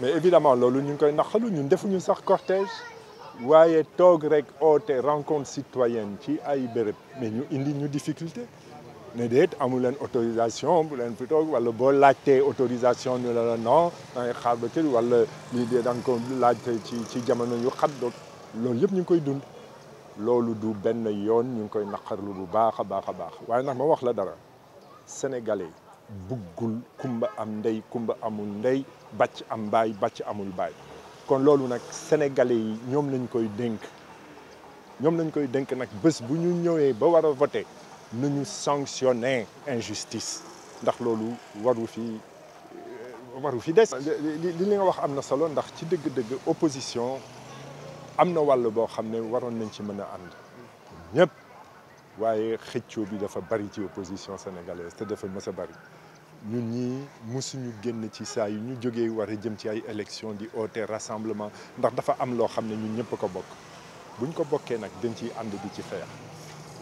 mais évidemment loolu ñu ngi koy naqalu ñun defuñu sax cortège waaye toog rek oote rencontre citoyenne ci ay béréb mais ñu indi ñu difficulté ne déet amu leen autorisation bu leen fi toog wala boo laajtee autorisation ñu la la non da xaar ba kër wala lii dee da nga ko laajte ci ci jamono yu xat doog loolu yëpp ñu ngi koy dund loolu du benn yoon ñu ngi koy naqarlu bu baax a baax a baax waaye nag ma wax la dara sénégalais buggul kumba am ndey kumba amul ndey bàcc am baay bàcc amul baay kon loolu nag sénégalais yi ñoom lañ koy dénk ñoom lañ koy dénk nag bés bu ñu ñëwee ba war a voté nañu sanctionner injustice ndax loolu waru fi euh, waru fi des li li nga wax am na solo ndax ci dëgg-dëgg opposition am na wàll boo xam ne waroon nañ ci mën a ànd ñëpp waaye xëccoo bi dafa bari ci opposition sénégalaise te dafa mës bari ñun ñii musuñu génn ci saa yu ñu jóge war jëm ci ay élection di oote rassemblement ndax dafa am loo xam ne ñu ñëpp ko bokk buñ ko bokkee nag dañ ciy ànd di ci xeex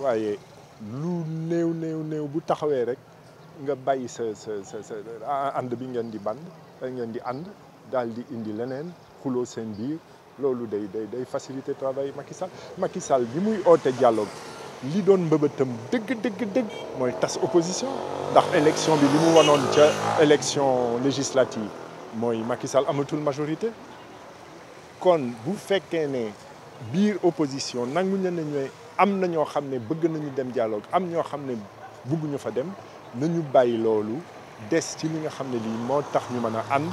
waaye lu néew néew néew bu taxawee rek nga bàyyi sa sa sa sa ànd bi ngeen di band ngeen di ànd daal di indi leneen xuloo seen biir loolu day day day faciliter travail Macky Sall Macky Sall bi muy oote dialogue li doon mbëbëtam dëgg dëgg dëgg mooy tas opposition ndax élection bi li mu wanoon ca élection législative mooy Macky Sall amatul majorité kon bu fekkee ne biir opposition nangu na ne am na ñoo xam ne bëgg nañu dem dialogue am ñoo xam ne bëgguñu fa dem nañu bàyyi loolu des ci li nga xam ne lii moo tax ñu mën a ànd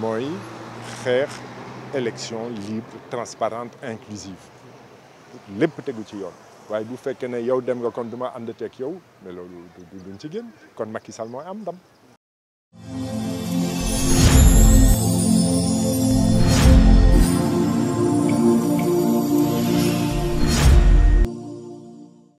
mooy xeex élection libre transparente inclusive lépp tegu ci yoon waaye bu fekkee ne yow dem nga kon du ma ànd teeg yow mais loolu duñ ci génn kon Macky Sall mooy am ndam